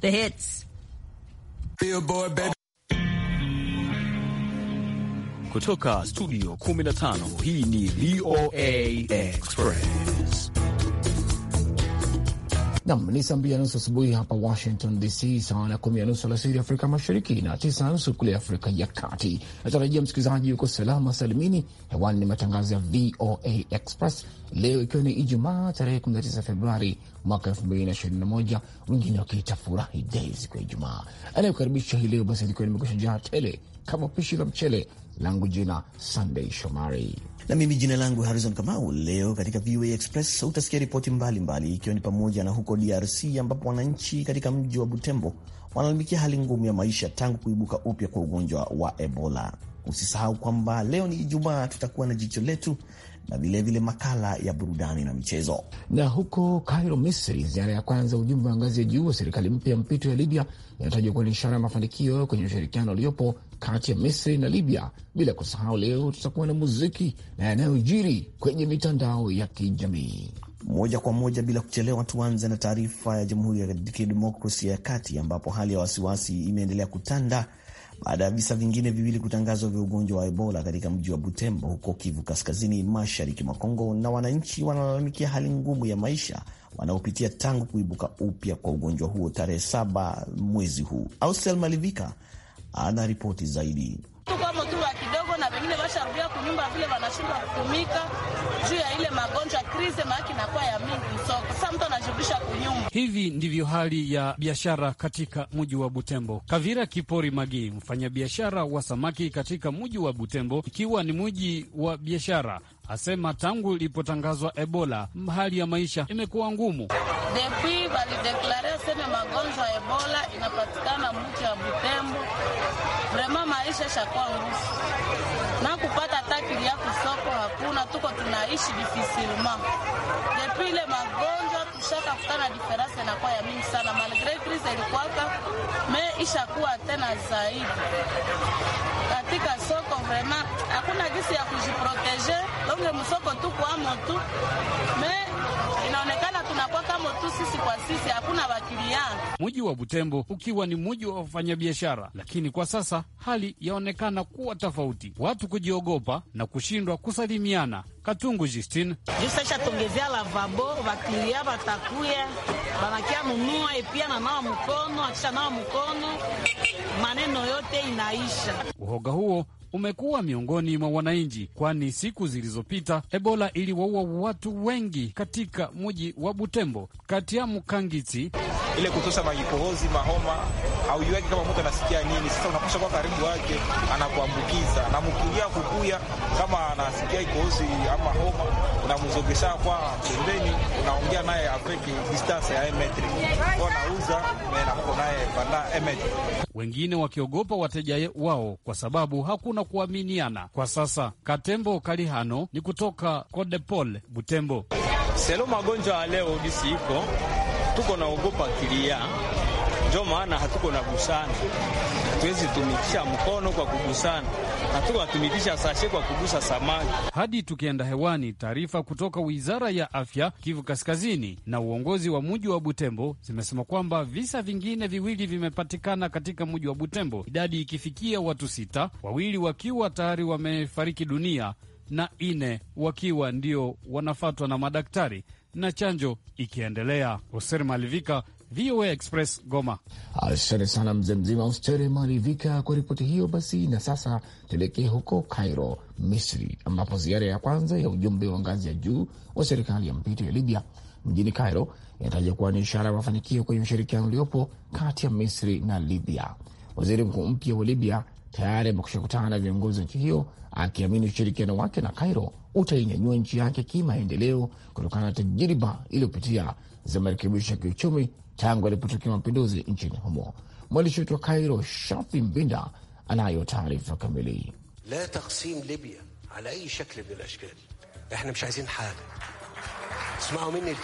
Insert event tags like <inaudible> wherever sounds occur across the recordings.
The hits. Billboard, baby. Kutoka studio 15 hii ni VOA Express. Nam ni saa mbili na nusu asubuhi hapa Washington DC, sawa na kumi na nusu alasiri Afrika Mashariki na tisa na nusu kule Afrika ya Kati. Natarajia msikilizaji yuko salama salimini. Hewani ni matangazo ya VOA Express leo ikiwa ni Ijumaa tarehe 19 Februari mwaka 2021, wengine wakiita furahi dei siku ya Ijumaa. Anayekukaribisha hii leo basi alikuwa nimekusha jaa tele kama pishi la mchele langu jina Sunday Shomari na mimi jina langu Harrison Kamau. Leo katika VOA Express utasikia ripoti mbalimbali, ikiwa ni pamoja na huko DRC ambapo wananchi katika mji wa Butembo wanalalamikia hali ngumu ya maisha tangu kuibuka upya kwa ugonjwa wa Ebola. Usisahau kwamba leo ni Ijumaa, tutakuwa na jicho letu na vilevile makala ya burudani na michezo. Na huko cairo Misri, ziara ya kwanza ujumbe wa ngazi ya juu wa serikali mpya ya mpito ya Libya inatajwa kuwa ni ishara ya mafanikio kwenye ushirikiano uliopo kati ya Misri na Libya, bila kusahau leo tutakuwa na muziki na yanayojiri kwenye mitandao ya kijamii moja kwa moja bila kuchelewa. Tuanze na taarifa ya Jamhuri ya Kidemokrasia ya Kati, ambapo hali ya wasiwasi imeendelea kutanda baada ya visa vingine viwili kutangazwa vya ugonjwa wa Ebola katika mji wa Butembo huko Kivu Kaskazini, mashariki mwa Kongo, na wananchi wanalalamikia hali ngumu ya maisha wanaopitia tangu kuibuka upya kwa ugonjwa huo tarehe saba mwezi huu. Austel Malivika ana ripoti zaidi. Tukwamo tuwa kidogo na vengine vasharudia kunyumba vile vanashindwa kutumika juu ya ile magonjwa krize maaki nakuwa ya mingi soko. Sasa mtu anajirudisha kunyumba. Hivi ndivyo hali ya biashara katika mji wa Butembo. Kavira Kipori Magi, mfanyabiashara wa samaki katika mji wa Butembo, ikiwa ni mji wa biashara asema tangu ilipotangazwa Ebola hali ya maisha imekuwa ngumu. Depi valideklare seme magonjwa ya Ebola inapatikana mji wa Butembo jamaa maisha shakuwa nguvu na kupata takili ya kusoko hakuna, tuko tunaishi difisilma depile magonjwa tushaka kutana diferanse inakuwa ya mingi sana, malgre krize ilikuwaka me ishakuwa tena zaidi katika soko vrema hakuna gisi ya kujiproteje longe msoko tu kwamo tu me inaonekana tunakuwa kama tu sisi kwa sisi, hakuna wakilia. Mji wa Butembo ukiwa ni mji wa wafanyabiashara, lakini kwa sasa hali yaonekana kuwa tofauti, watu kujiogopa na kushindwa kusalimiana. Katungu Justine jusesha tongezea lavabo wakilia watakuya wanakia nunua epia na nawa mkono akisha nawa mkono maneno yote inaisha uoga huo umekuwa miongoni mwa wananchi, kwani siku zilizopita Ebola iliwaua watu wengi katika mji wa Butembo, kati ya Mkangiti ile kutosa majikohozi mahoma hauiweki kama mtu anasikia nini. Sasa unakusha kwa karibu wake, anakuambukiza, namukulia kukuya kama anasikia ikozi ama homa, unamzogesha kwa pembeni, unaongea naye afeki distance ya emetri kwa nauza nako naye banda emetri. Wengine wakiogopa wateja wao kwa sababu hakuna kuaminiana kwa sasa. Katembo Kalihano ni kutoka Kodepole Butembo. Selo magonjwa ya leo gisi iko tuko naogopa kilia ndio maana hatuko na gusana, hatuwezi tumikisha mkono kwa kugusana, hatuko tumikisha sashe kwa kugusa samaki. Hadi tukienda hewani, taarifa kutoka Wizara ya Afya Kivu Kaskazini na uongozi wa mji wa Butembo zimesema kwamba visa vingine viwili vimepatikana katika mji wa Butembo, idadi ikifikia watu sita, wawili wakiwa tayari wamefariki dunia na ine wakiwa ndio wanafatwa na madaktari na chanjo ikiendelea. Hoser Malivika, VOA Express Goma. Asante sana mzee mzima Ustere Marivika kwa ripoti hiyo. Basi na sasa tuelekee huko Cairo, Misri, ambapo ziara ya kwanza ya ujumbe wa ngazi ya juu wa serikali ya mpito ya Libya mjini Cairo inatajwa kuwa ni ishara ya mafanikio kwenye ushirikiano uliopo kati ya Misri na Libya. Waziri mkuu mpya wa Libya tayari amekusha kutana na viongozi wa nchi hiyo akiamini ushirikiano wake na Cairo utainyanyua nchi yake kimaendeleo kutokana na tajriba iliyopitia za marekebisho ya kiuchumi tangu alipotokea mapinduzi nchini humo. Mwandishi wetu wa Kairo, Shafi Mbinda, anayo taarifa kamili. la taksim libya ala min alashkal aizin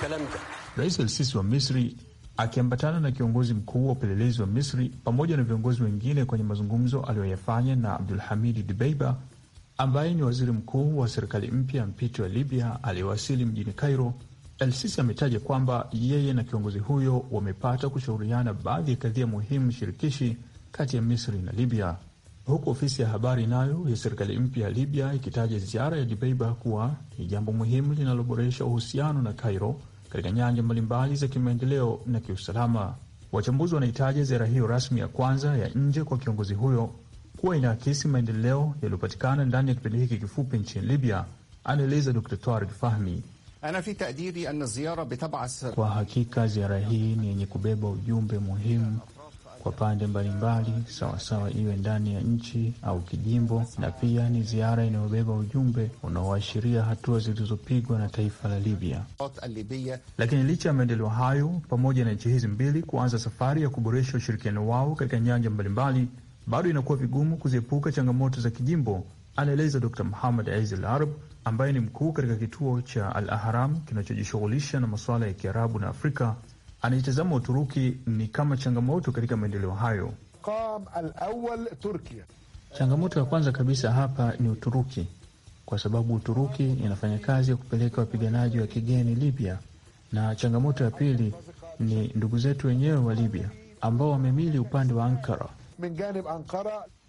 da. Rais Elsisi wa Misri akiambatana na kiongozi mkuu wa upelelezi wa Misri pamoja na viongozi wengine kwenye mazungumzo aliyoyafanya na Abdul hamidi Dibeiba ambaye ni waziri mkuu wa serikali mpya ya mpito ya Libya aliyewasili mjini Cairo el ametaja kwamba yeye na kiongozi huyo wamepata kushauriana baadhi ya kadhia muhimu shirikishi kati ya Misri na Libya, huku ofisi ya habari nayo ya serikali mpya ya Libya ikitaja ziara ya Dibeiba kuwa ni jambo muhimu linaloboresha uhusiano na Cairo katika nyanja mbalimbali za kimaendeleo na kiusalama. Wachambuzi wanaitaja ziara hiyo rasmi ya kwanza ya nje kwa kiongozi huyo kuwa inaakisi maendeleo yaliyopatikana ndani ya kipindi hiki kifupi nchini Libya, anaeleza Dr Tarik Fahmi, kwa hakika ziara hii ni yenye kubeba ujumbe muhimu kwa pande mbalimbali, sawasawa iwe ndani ya nchi au kijimbo, na pia ni ziara inayobeba ujumbe unaoashiria hatua zilizopigwa na taifa la Libya. Lakini licha ya maendeleo hayo, pamoja na nchi hizi mbili kuanza safari ya kuboresha ushirikiano wao katika nyanja mbalimbali, bado inakuwa vigumu kuziepuka changamoto za kijimbo anaeleza Dr Muhammad Aiz l Arab ambaye ni mkuu katika kituo cha Al Ahram kinachojishughulisha na masuala ya Kiarabu na Afrika. Anaitazama Uturuki ni kama changamoto katika maendeleo hayo. Changamoto ya kwanza kabisa hapa ni Uturuki, kwa sababu Uturuki inafanya kazi ya kupeleka wapiganaji wa kigeni Libya, na changamoto ya pili ni ndugu zetu wenyewe wa Libya ambao wamemili upande wa Ankara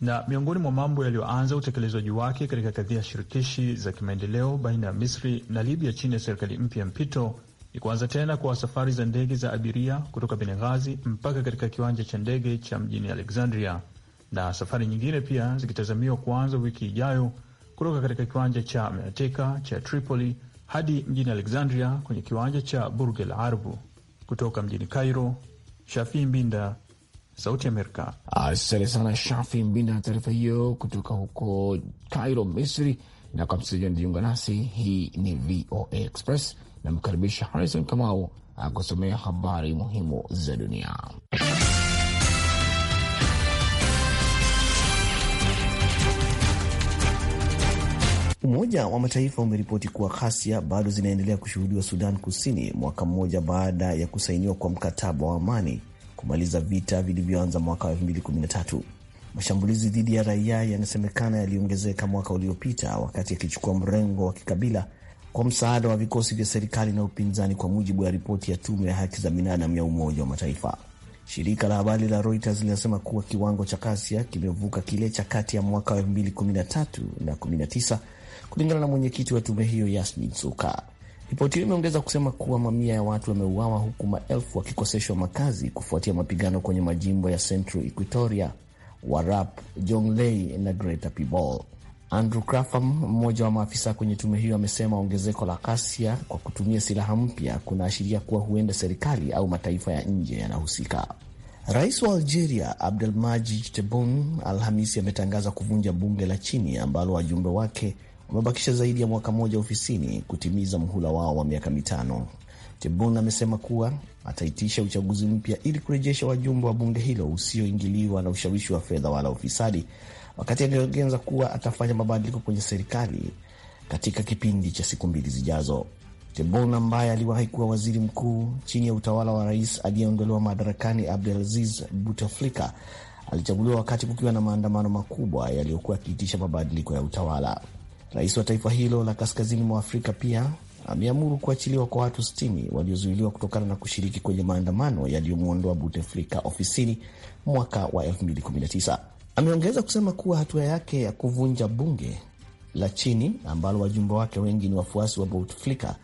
na miongoni mwa mambo yaliyoanza utekelezaji wake katika kadhia shirikishi za kimaendeleo baina ya Misri na Libya chini ya serikali mpya ya mpito ni kuanza tena kwa safari za ndege za abiria kutoka Benghazi mpaka katika kiwanja cha ndege cha mjini Alexandria, na safari nyingine pia zikitazamiwa kuanza wiki ijayo kutoka katika kiwanja cha Meateka cha Tripoli hadi mjini Alexandria kwenye kiwanja cha Burj Al Arab. Kutoka mjini Cairo, Shafii Mbinda, Sauti Amerika. Asante sana Shafi Mbinda na taarifa hiyo kutoka huko Cairo, Misri. Na kwa msikilizaji anajiunga nasi, hii ni VOA Express. Namkaribisha Harrison Kamau akusomea habari muhimu za dunia. Umoja wa Mataifa umeripoti kuwa ghasia bado zinaendelea kushuhudiwa Sudan Kusini, mwaka mmoja baada ya kusainiwa kwa mkataba wa amani kumaliza vita vilivyoanza mwaka wa 2013. Mashambulizi dhidi ya raia yanasemekana yaliongezeka mwaka uliopita, wakati akichukua mrengo wa kikabila kwa msaada wa vikosi vya serikali na upinzani, kwa mujibu wa ripoti ya tume ya haki za binadamu ya Umoja wa Mataifa. Shirika la habari la Reuters linasema kuwa kiwango cha ghasia kimevuka kile cha kati ya mwaka wa 2013 na 19 kulingana na mwenyekiti wa tume hiyo Yasmin Sukar. Ripoti hiyo imeongeza kusema kuwa mamia ya watu wameuawa huku maelfu wakikoseshwa makazi kufuatia mapigano kwenye majimbo ya Central Equatoria, warap Jonglei na Greater Pibol. Andrew Crafam, mmoja wa maafisa kwenye tume hiyo, amesema ongezeko la ghasia kwa kutumia silaha mpya kunaashiria kuwa huenda serikali au mataifa ya nje yanahusika. Rais wa Algeria Abdelmadjid Tebboune Alhamisi ametangaza kuvunja bunge la chini ambalo wajumbe wake wamebakisha zaidi ya mwaka mmoja ofisini kutimiza mhula wao wa miaka mitano. Tebboune amesema kuwa ataitisha uchaguzi mpya ili kurejesha wajumbe wa bunge hilo usioingiliwa na ushawishi wa fedha wala ufisadi, wakati aliongeza kuwa atafanya mabadiliko kwenye serikali katika kipindi cha siku mbili zijazo. Tebboune ambaye aliwahi kuwa waziri mkuu chini ya utawala wa rais aliyeondolewa madarakani Abdelaziz Bouteflika alichaguliwa wakati kukiwa na maandamano makubwa yaliyokuwa akiitisha mabadiliko ya utawala. Rais wa taifa hilo la kaskazini mwa Afrika pia ameamuru kuachiliwa kwa watu st waliozuiliwa kutokana na kushiriki kwenye maandamano yaliyomwondoa buteflika ofisini mwaka wa 2019. Ameongeza kusema kuwa hatua yake ya kuvunja bunge la chini ambalo wajumbe wake wengi ni wafuasi wa buteflika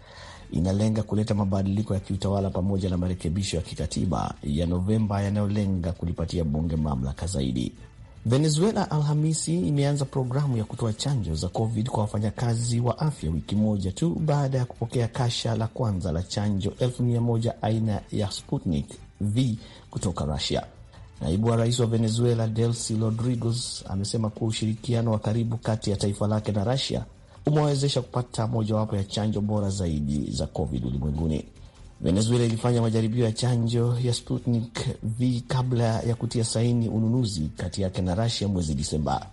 inalenga kuleta mabadiliko ya kiutawala pamoja na marekebisho ya kikatiba ya Novemba yanayolenga kulipatia bunge mamlaka zaidi. Venezuela Alhamisi imeanza programu ya kutoa chanjo za COVID kwa wafanyakazi wa afya wiki moja tu baada ya kupokea kasha la kwanza la chanjo elfu mia moja aina ya Sputnik V kutoka Rusia. Naibu wa rais wa Venezuela Delcy Rodriguez amesema kuwa ushirikiano wa karibu kati ya taifa lake na Rusia umewawezesha kupata mojawapo ya chanjo bora zaidi za COVID ulimwenguni. Venezuela ilifanya majaribio ya chanjo ya Sputnik V kabla ya kutia saini ununuzi kati yake na Rasia mwezi Disemba.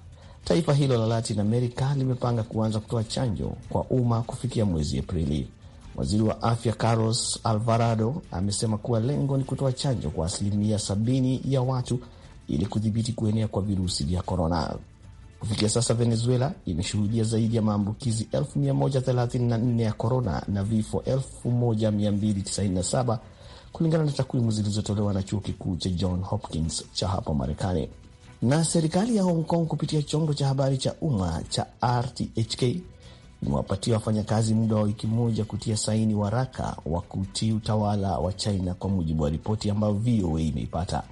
Taifa hilo la Latin America limepanga kuanza kutoa chanjo kwa umma kufikia mwezi Aprili. Waziri wa afya Carlos Alvarado amesema kuwa lengo ni kutoa chanjo kwa asilimia sabini ya watu ili kudhibiti kuenea kwa virusi vya korona. Kufikia sasa Venezuela imeshuhudia zaidi ya maambukizi 134 ya korona na vifo 1297 kulingana na takwimu zilizotolewa na chuo kikuu cha John Hopkins cha hapa Marekani. Na serikali ya Hong Kong kupitia chombo cha habari cha umma cha RTHK imewapatia wafanyakazi muda wa wiki moja kutia saini waraka wa kutii utawala wa China, kwa mujibu wa ripoti ambayo VOA imeipata.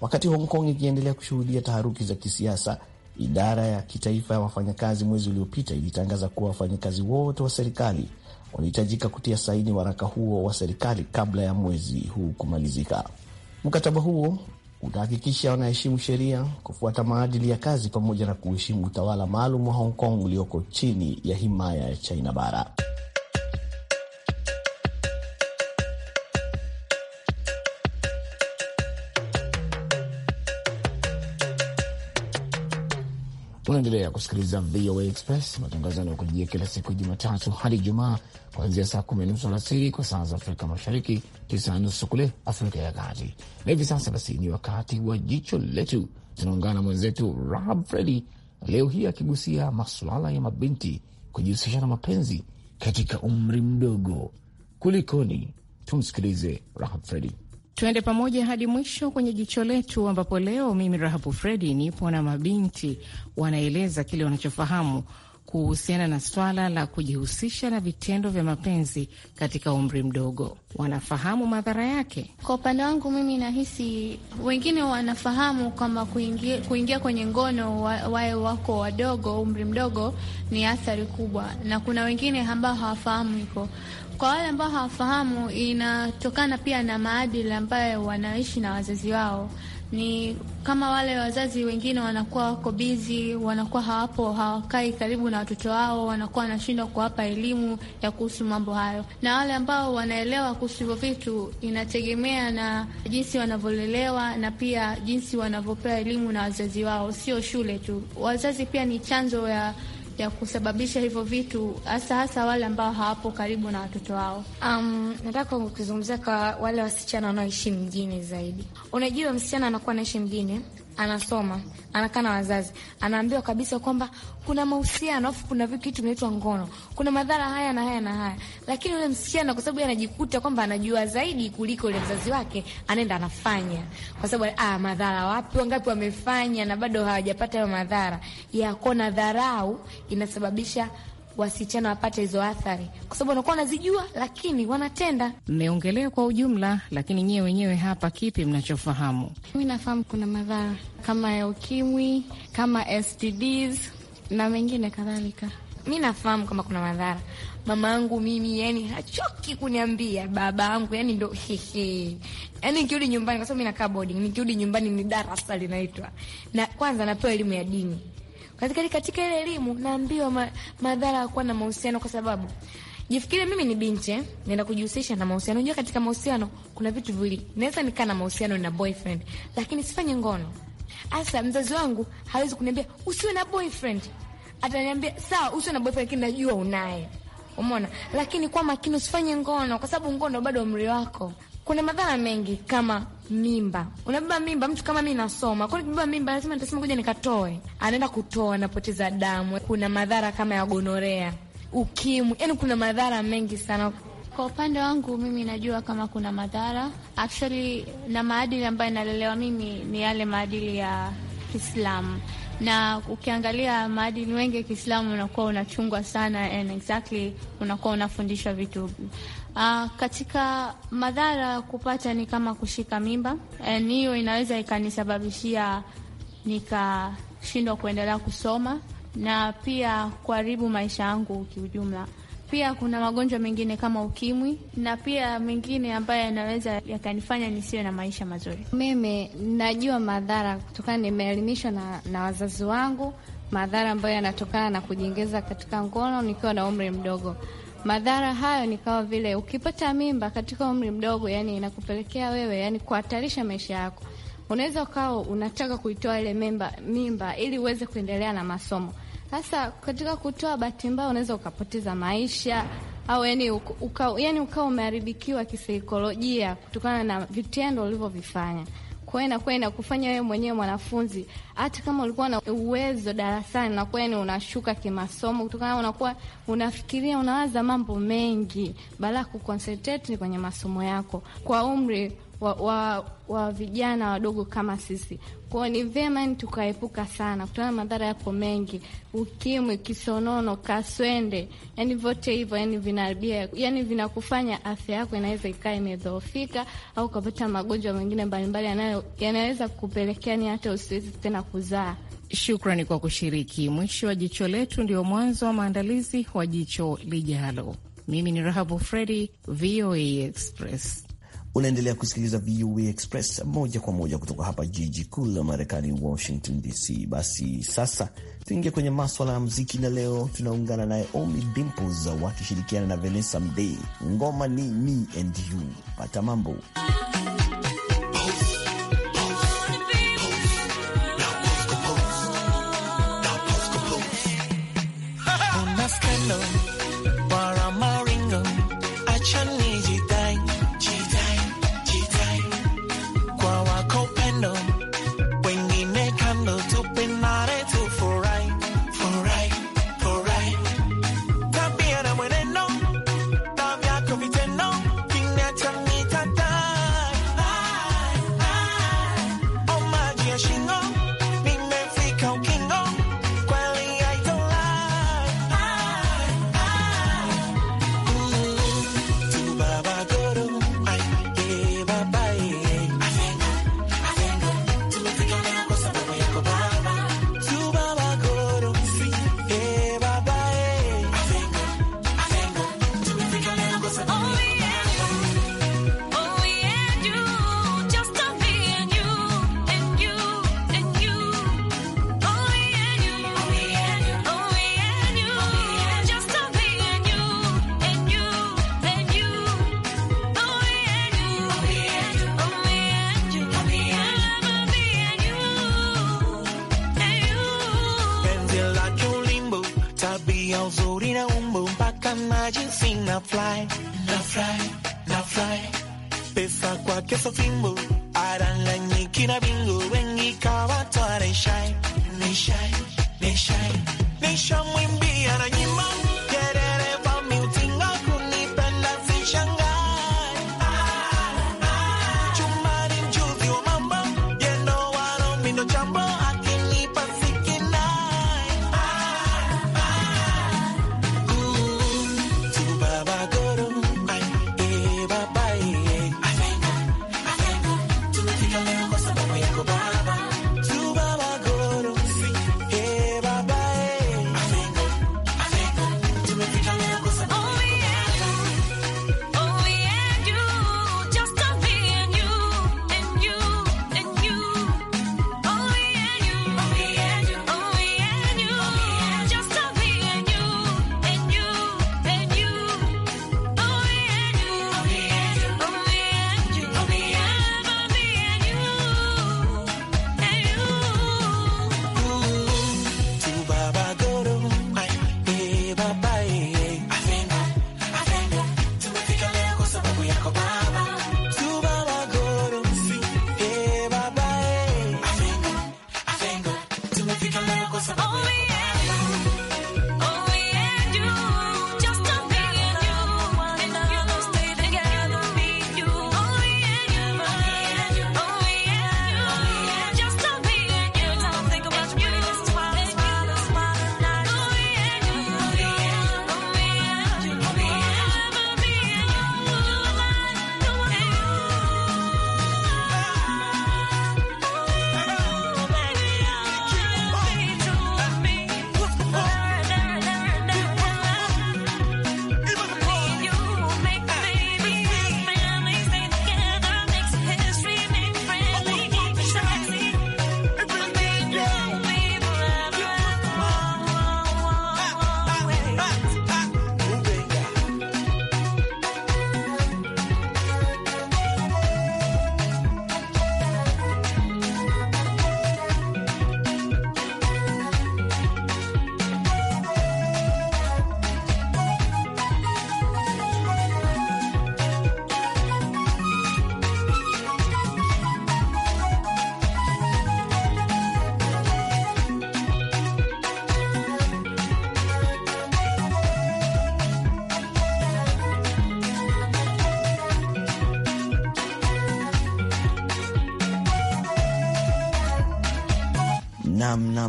Wakati Hong Kong ikiendelea kushuhudia taharuki za kisiasa Idara ya kitaifa ya wafanyakazi mwezi uliopita ilitangaza kuwa wafanyakazi wote wa serikali wanahitajika kutia saini waraka huo wa serikali kabla ya mwezi huu kumalizika. Mkataba huo utahakikisha wanaheshimu sheria, kufuata maadili ya kazi, pamoja na kuheshimu utawala maalum wa Hong Kong ulioko chini ya himaya ya China bara. Unaendelea kusikiliza VOA Express, matangazo yanayokujia kila siku ya Jumatatu hadi jumaa kuanzia saa kumi na nusu alasiri kwa saa za Afrika Mashariki, tisa na nusu kule Afrika ya Kati. Na hivi sasa basi ni wakati wa jicho letu. Tunaungana na mwenzetu Rahab Fredi leo hii akigusia masuala ya mabinti kujihusisha na mapenzi katika umri mdogo. Kulikoni? Tumsikilize Rahab Fredi. Tuende pamoja hadi mwisho kwenye jicho letu, ambapo leo mimi Rahabu Fredi nipo na mabinti wanaeleza kile wanachofahamu kuhusiana na swala la kujihusisha na vitendo vya mapenzi katika umri mdogo. Wanafahamu madhara yake. Kwa upande wangu mimi nahisi wengine wanafahamu kwamba kuingia, kuingia kwenye ngono wawe wako wadogo, umri mdogo, ni athari kubwa, na kuna wengine ambao hawafahamu hiko. Kwa wale ambao hawafahamu, inatokana pia na maadili ambayo wanaishi na wazazi wao. Ni kama wale wazazi wengine wanakuwa wako bizi, wanakuwa hawapo, hawakai karibu na watoto wao, wanakuwa wanashindwa kuwapa elimu ya kuhusu mambo hayo. Na wale ambao wanaelewa kuhusu hivyo vitu, inategemea na jinsi wanavyolelewa na pia jinsi wanavyopewa elimu na wazazi wao, sio shule tu. Wazazi pia ni chanzo ya ya kusababisha hivyo vitu, hasa hasa wale ambao hawapo karibu na watoto wao. Um, nataka kuzungumzia kwa wale wasichana wanaoishi mjini zaidi. Unajua, msichana anakuwa anaishi mjini, anasoma anakaa na wazazi, anaambiwa kabisa kwamba kuna mahusiano, afu kuna kitu kinaitwa ngono, kuna madhara haya na haya na haya. Lakini yule msichana, kwa sababu anajikuta kwamba anajua zaidi kuliko yule mzazi wake, anaenda anafanya, kwa sababu ah, madhara wapi, wangapi wamefanya na bado hawajapata hayo madhara. Yako na dharau inasababisha wasichana wapate hizo athari, kwa sababu wanakuwa wanazijua lakini wanatenda. Mmeongelea kwa ujumla, lakini nyewe wenyewe hapa, kipi mnachofahamu? Mi nafahamu kuna madhara kama ya ukimwi, kama STDs na mengine kadhalika. Mi nafahamu kama kuna madhara. Mama yangu mimi, yani hachoki kuniambia. Baba yangu yani ndo hehe, yani nikirudi nyumbani, kwa sababu mi nakaa boarding, nikirudi nyumbani ni darasa linaitwa na kwanza napewa elimu ya dini katika katika ile elimu naambiwa ma, madhara ya kuwa na mahusiano, kwa sababu jifikiri mimi ni binti eh, nenda kujihusisha na mahusiano. Unajua, katika mahusiano kuna vitu viwili, naweza nikaa na mahusiano na boyfriend, lakini sifanye ngono. Hasa mzazi wangu hawezi kuniambia usiwe na boyfriend, ataniambia sawa, usiwe na boyfriend, lakini najua unaye Umeona, lakini kwa makini usifanye ngono, kwa sababu ngono bado umri wako kuna madhara mengi kama mimba. Unabeba mimba, mtu kama mi nasoma kwani, kubeba mimba lazima nitasema kuja nikatoe, anaenda kutoa, anapoteza damu. Kuna madhara kama ya gonorea, ukimwi, yani kuna madhara mengi sana. Kwa upande wangu mimi najua kama kuna madhara actually, na maadili ambayo inalelewa mimi ni yale maadili ya Kiislamu na ukiangalia maadili mengi ya Kiislamu unakuwa unachungwa sana and exactly unakuwa unafundishwa vitu Aa, ah, katika madhara ya kupata ni kama kushika mimba, hiyo eh, inaweza ikanisababishia nikashindwa kuendelea kusoma na pia kuharibu maisha yangu kiujumla. Pia kuna magonjwa mengine kama ukimwi na pia mengine ambayo yanaweza yakanifanya nisiwe na maisha mazuri. Mimi najua madhara kutokana, nimeelimishwa na, na wazazi wangu madhara ambayo yanatokana na kujiingiza katika ngono nikiwa na umri mdogo. Madhara hayo ni kama vile ukipata mimba katika umri mdogo, yani inakupelekea wewe yani kuhatarisha maisha yako. Unaweza ukawa unataka kuitoa ile mimba, mimba ili uweze kuendelea na masomo. Sasa katika kutoa, bahati mbaya unaweza ukapoteza maisha au yani ukawa yani uka umeharibikiwa kisaikolojia kutokana na vitendo ulivyovifanya. Kwa hiyo inakuwa inakufanya wewe mwenyewe mwanafunzi, hata kama ulikuwa na uwezo darasani, nakuwa ni unashuka kimasomo, kutokana unakuwa unafikiria, unawaza mambo mengi, badala ya kuconcentrate kwenye masomo yako. Kwa umri wa, wa, wa vijana wadogo kama sisi. Kwa hiyo ni vyema ni tukaepuka sana kutana na madhara yako mengi, ukimwi, kisonono, kaswende, yani vyote hivyo yani vinaribia, yani vinakufanya afya yako inaweza ikaa imedhoofika au ukapata magonjwa mengine mbalimbali yanaweza kupelekea ni hata usiwezi tena kuzaa. Shukrani kwa kushiriki. Mwisho wa jicho letu ndio mwanzo wa maandalizi wa jicho lijalo. Mimi ni Rahabu Fredi, VOA Express. Unaendelea kusikiliza VOA Express moja kwa moja kutoka hapa jiji kuu la Marekani, Washington DC. Basi sasa tuingie kwenye maswala ya muziki, na leo tunaungana naye Omi Dimples wakishirikiana na Vanessa Mdee, ngoma ni me and you. Pata mambo heard you sing now fly, now fly, now fly. Pesa kwake so fimbo, Aran aranganyikina bingo, wengi kawa toa they shy, they shy.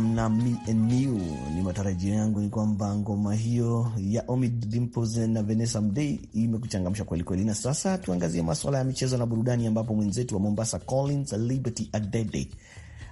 namna mnu ni matarajio yangu ni kwamba ngoma hiyo ya Omid Dimples na Vanessa Mdee imekuchangamsha kwelikweli. Na sasa tuangazie maswala ya michezo na burudani, ambapo mwenzetu wa Mombasa Collins Liberty Adede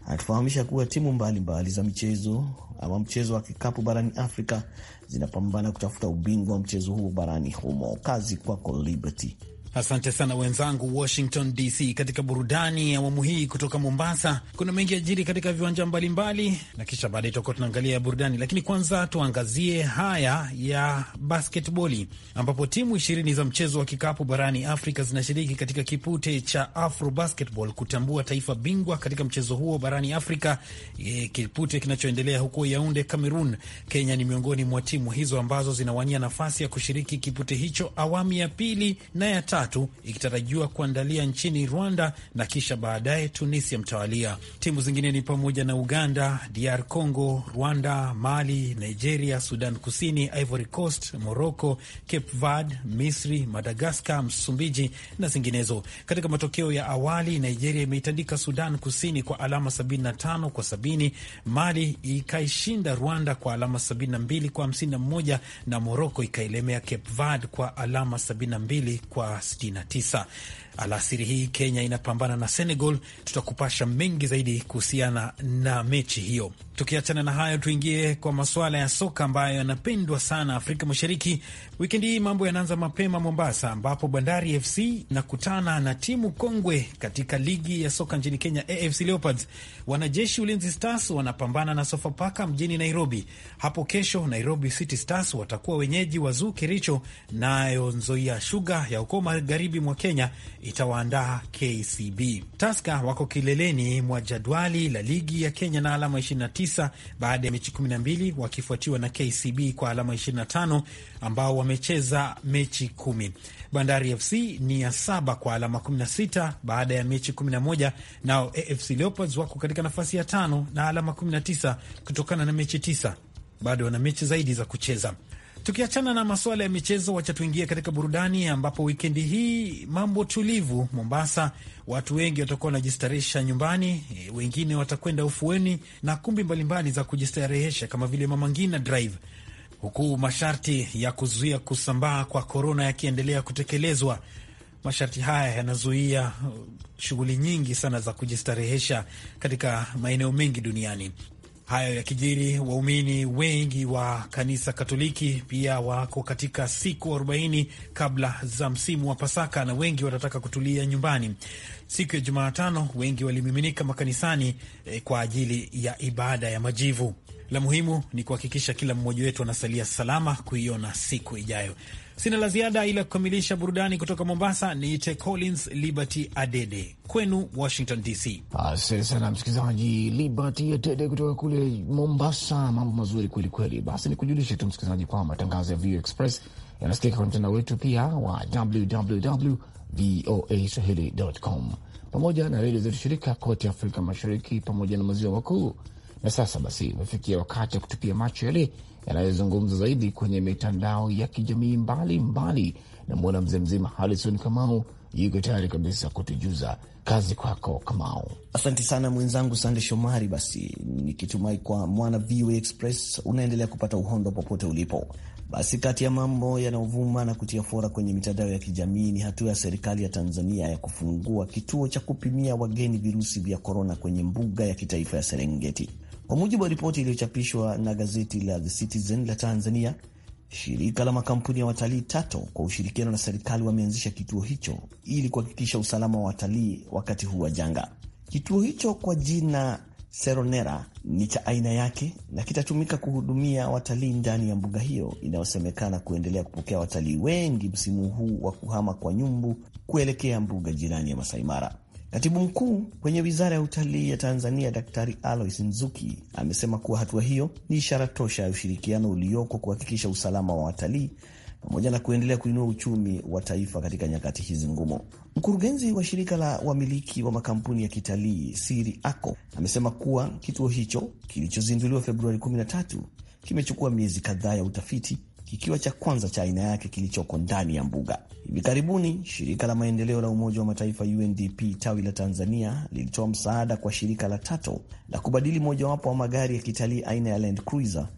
anatufahamisha kuwa timu mbalimbali mbali za michezo ama mchezo wa kikapu barani Afrika zinapambana kutafuta ubingwa wa mchezo huo barani humo. Kazi kwako Liberty. Asante sana wenzangu Washington DC. Katika burudani ya awamu hii kutoka Mombasa, kuna mengi ajiri katika viwanja mbalimbali mbali, na kisha baadaye tutakuwa tunaangalia burudani, lakini kwanza tuangazie haya ya basketboli, ambapo timu ishirini za mchezo wa kikapu barani Afrika zinashiriki katika kipute cha Afro Basketball kutambua taifa bingwa katika mchezo huo barani Afrika. E, kipute kinachoendelea huko Yaunde, Cameroon. Kenya ni miongoni mwa timu hizo ambazo zinawania nafasi ya kushiriki kipute hicho awamu ya pili na ya tatu tatu ikitarajiwa kuandalia nchini Rwanda na kisha baadaye Tunisia mtawalia. Timu zingine ni pamoja na Uganda, DR Congo, Rwanda, Mali, Nigeria, Sudan Kusini, Ivory Coast, Morocco, Cape Verde, Misri, Madagaskar, Msumbiji na zinginezo. Katika matokeo ya awali, Nigeria imeitandika Sudan Kusini kwa alama 75 kwa 70. Mali ikaishinda Rwanda kwa alama 72 kwa 51 na Morocco ikailemea Cape Verde kwa alama 72 kwa 69. Alasiri hii Kenya inapambana na Senegal. Tutakupasha mengi zaidi kuhusiana na mechi hiyo. Tukiachana na hayo, tuingie kwa masuala ya soka ambayo yanapendwa sana Afrika Mashariki. Wikendi hii mambo yanaanza mapema Mombasa, ambapo Bandari FC nakutana na timu kongwe katika ligi ya soka nchini Kenya, AFC Leopards. Wanajeshi Ulinzi Stars wanapambana na Sofapaka mjini Nairobi hapo kesho. Nairobi City Stars watakuwa wenyeji wa Zoo Kericho, nayo Nzoia Sugar ya huko magharibi mwa Kenya itawaandaa KCB. Taska wako kileleni mwa jadwali la ligi ya Kenya na alama 29 baada ya mechi 12, wakifuatiwa na KCB kwa alama 25 ambao wamecheza mechi kumi. Bandari FC ni ya saba kwa alama 16 baada ya mechi 11, nao AFC Leopards wako katika nafasi ya tano na alama 19 kutokana na mechi tisa. Bado wana mechi zaidi za kucheza. Tukiachana na masuala ya michezo, wacha tuingie katika burudani, ambapo wikendi hii mambo tulivu Mombasa. Watu wengi watakuwa wanajistarehesha nyumbani, e, wengine watakwenda ufueni na kumbi mbalimbali za kujistarehesha kama vile Mama Ngina Drive, huku masharti ya kuzuia kusambaa kwa korona yakiendelea kutekelezwa. Masharti haya yanazuia uh, shughuli nyingi sana za kujistarehesha katika maeneo mengi duniani. Hayo yakijiri, waumini wengi wa kanisa Katoliki pia wako katika siku 40 kabla za msimu wa Pasaka, na wengi watataka kutulia nyumbani. Siku ya Jumatano wengi walimiminika makanisani eh, kwa ajili ya ibada ya majivu. La muhimu ni kuhakikisha kila mmoja wetu anasalia salama kuiona siku ijayo. Sina la ziada ila kukamilisha burudani kutoka Mombasa. niite Collins Liberty Adede kwenu Washington DC. Asante sana msikilizaji. Liberty Adede kutoka kule Mombasa, mambo mazuri kwelikweli. Basi ni kujulishe tu msikilizaji kwamba matangazo ya VOA Express yanasikika kwenye mtandao wetu pia wa www voa swahili com pamoja na redio zetu shirika kote Afrika Mashariki pamoja na maziwa makuu na sasa basi imefikia wakati wa kutupia macho yale yanayozungumza zaidi kwenye mitandao ya kijamii mbalimbali. Namwona mzee mzima Harison Kamau yuko tayari kabisa kutujuza. Kazi kwako Kamau. Asante sana mwenzangu Sande Shomari. Basi nikitumai kwa mwana VOA Express unaendelea kupata uhondo popote ulipo. Basi kati ya mambo yanayovuma na kutia fora kwenye mitandao ya kijamii ni hatua ya serikali ya Tanzania ya kufungua kituo cha kupimia wageni virusi vya korona kwenye mbuga ya kitaifa ya Serengeti. Kwa mujibu wa ripoti iliyochapishwa na gazeti la The Citizen la Tanzania, shirika la makampuni ya watalii Tato kwa ushirikiano na serikali wameanzisha kituo hicho ili kuhakikisha usalama wa watalii wakati huu wa janga. Kituo hicho kwa jina Seronera ni cha aina yake na kitatumika kuhudumia watalii ndani ya mbuga hiyo inayosemekana kuendelea kupokea watalii wengi msimu huu wa kuhama kwa nyumbu kuelekea mbuga jirani ya Masai Mara. Katibu mkuu kwenye wizara ya utalii ya Tanzania, Daktari Alois Nzuki, amesema kuwa hatua hiyo ni ishara tosha ya ushirikiano ulioko kuhakikisha usalama wa watalii pamoja na kuendelea kuinua uchumi wa taifa katika nyakati hizi ngumu. Mkurugenzi wa shirika la wamiliki wa makampuni ya kitalii Siri Ako amesema kuwa kituo hicho kilichozinduliwa Februari 13 kimechukua miezi kadhaa ya utafiti kikiwa cha kwanza cha aina yake kilichoko ndani ya mbuga. Hivi karibuni shirika la maendeleo la Umoja wa Mataifa UNDP tawi la Tanzania lilitoa msaada kwa shirika la Tato la kubadili mojawapo wa magari ya kitalii aina ya Land Cruiser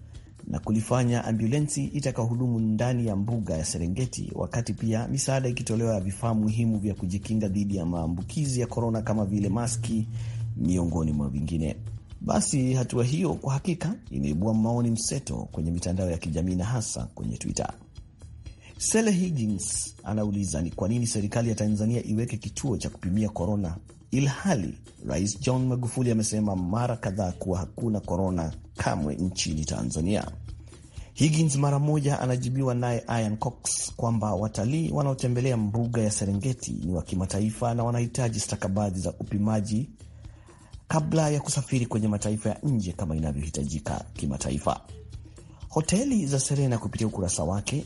na kulifanya ambulensi itakahudumu ndani ya mbuga ya Serengeti, wakati pia misaada ikitolewa ya vifaa muhimu vya kujikinga dhidi ya maambukizi ya korona kama vile maski miongoni mwa vingine. Basi hatua hiyo kwa hakika imeibua maoni mseto kwenye mitandao ya kijamii na hasa kwenye Twitter. Sele Higgins anauliza ni kwa nini serikali ya Tanzania iweke kituo cha kupimia korona ilhali Rais John Magufuli amesema mara kadhaa kuwa hakuna korona kamwe nchini Tanzania. Higgins mara moja anajibiwa naye Ian Cox kwamba watalii wanaotembelea mbuga ya Serengeti ni wa kimataifa na wanahitaji stakabadhi za upimaji kabla ya kusafiri kwenye mataifa ya nje kama inavyohitajika kimataifa. Hoteli za Serena kupitia ukurasa wake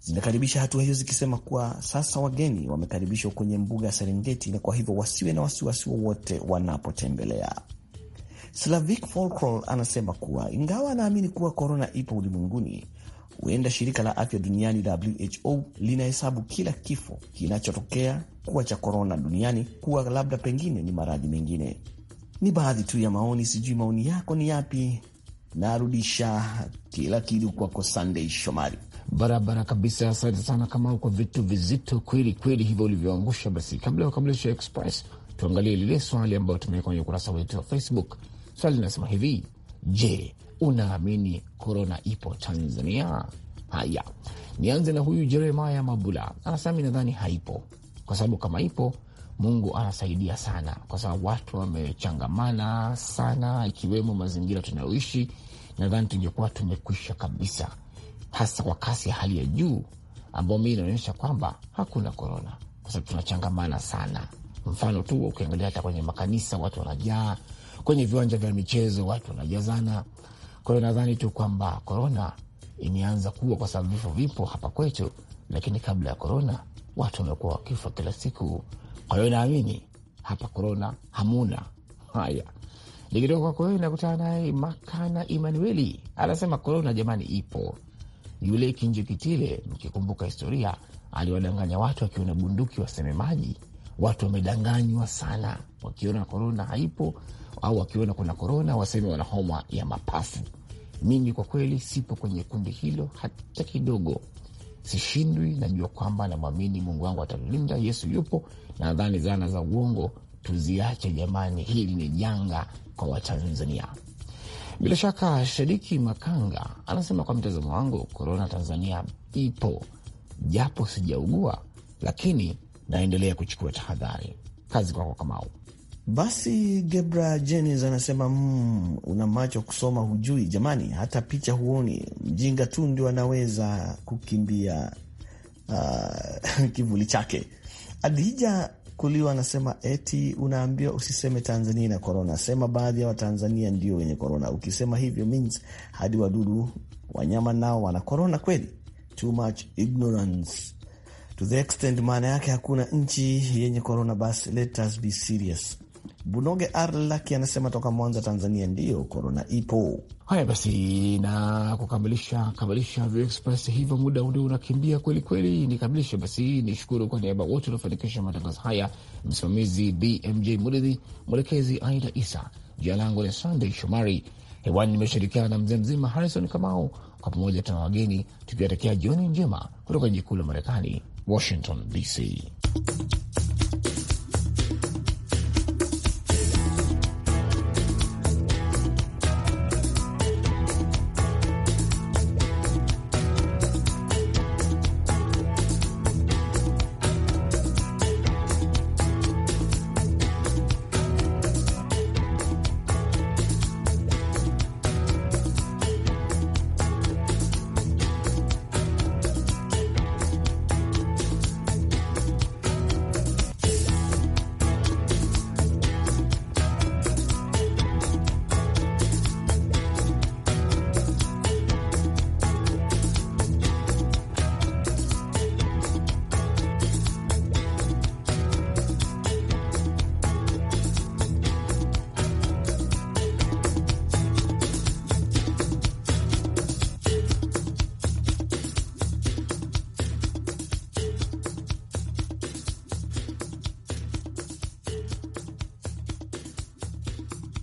zimekaribisha hatua hiyo zikisema kuwa sasa wageni wamekaribishwa kwenye mbuga ya Serengeti na kwa hivyo wasiwe na wasiwasi wowote wanapotembelea. Slavik Folkrol anasema kuwa ingawa anaamini kuwa korona ipo ulimwenguni, huenda shirika la afya duniani WHO linahesabu kila kifo kinachotokea kuwa cha korona duniani kuwa labda pengine ni maradhi mengine. Ni baadhi tu ya maoni, sijui maoni yako ni yapi. Narudisha kila kitu kwako Sunday Shomari. Barabara kabisa, asante sana Kamau kwa vitu vizito kweli kweli hivyo ulivyoangusha. Basi kabla ya kukamilisha Express, tuangalie lile swali ambayo tumeweka kwenye ukurasa wetu wa Facebook. Swali linasema hivi: Je, unaamini korona ipo Tanzania? Haya, nianze na huyu Jeremaya Mabula anasema, mi nadhani haipo, kwa sababu kama ipo Mungu anasaidia sana, kwa sababu watu wamechangamana sana, ikiwemo mazingira tunayoishi. Nadhani tungekuwa tumekwisha kabisa, hasa kwa kasi ya hali ya juu ambao mii inaonyesha kwamba hakuna korona, kwa sababu tunachangamana sana. Mfano tu ukiangalia hata kwenye makanisa watu wanajaa, kwenye viwanja vya michezo watu wanajazana. Kwa hiyo nadhani tu kwamba korona imeanza kuwa, kwa sababu vifo vipo hapa kwetu, lakini kabla ya korona watu wamekuwa wakifa kila siku kwa hiyo naamini hapa korona hamuna. Haya, nikitoka kwako wewe nakutana naye Makana Emanueli, anasema korona jamani ipo. Yule Kinjekitile, mkikumbuka historia, aliwadanganya watu akiona bunduki waseme maji. Watu wamedanganywa sana, wakiona korona haipo au wakiona kuna korona waseme wana homa ya mapafu. Mimi kwa kweli sipo kwenye kundi hilo hata kidogo sishindwi, najua kwamba namwamini Mungu wangu atalinda Yesu yupo. Nadhani zana za uongo tuziache jamani, hili ni janga kwa Watanzania. Bila shaka, Shadiki Makanga anasema kwa mtazamo wangu, korona Tanzania ipo, japo sijaugua, lakini naendelea kuchukua tahadhari. Kazi kwako, Kamau. Basi Gebra Jenes anasema mmm, una macho kusoma hujui jamani, hata picha huoni. Mjinga tu ndio anaweza kukimbia uh, <laughs> kivuli chake. Adija Kuliwa anasema eti unaambiwa usiseme Tanzania na korona, sema baadhi ya Watanzania ndio wenye korona. Ukisema hivyo means hadi wadudu wanyama nao wana korona kweli. Too much ignorance to the extent, maana yake hakuna nchi yenye korona. Basi let us be serious Bunoge Arlaki anasema toka Mwanza, Tanzania, ndiyo korona ipo. Haya basi, na kukamilisha kamilisha Vio Express hivyo, muda ndio unakimbia kweli kweli. Nikamilishe basi, nishukuru kwa niaba wote unafanikisha matangazo haya, msimamizi BMJ Muridhi, mwelekezi Aida Isa. Jina langu ni Sandey Shomari, hewani nimeshirikiana na mzee mzima Harrison Kamau. Kwa pamoja tuna wageni tukiwatakia jioni njema kutoka jikuu la Marekani, Washington DC.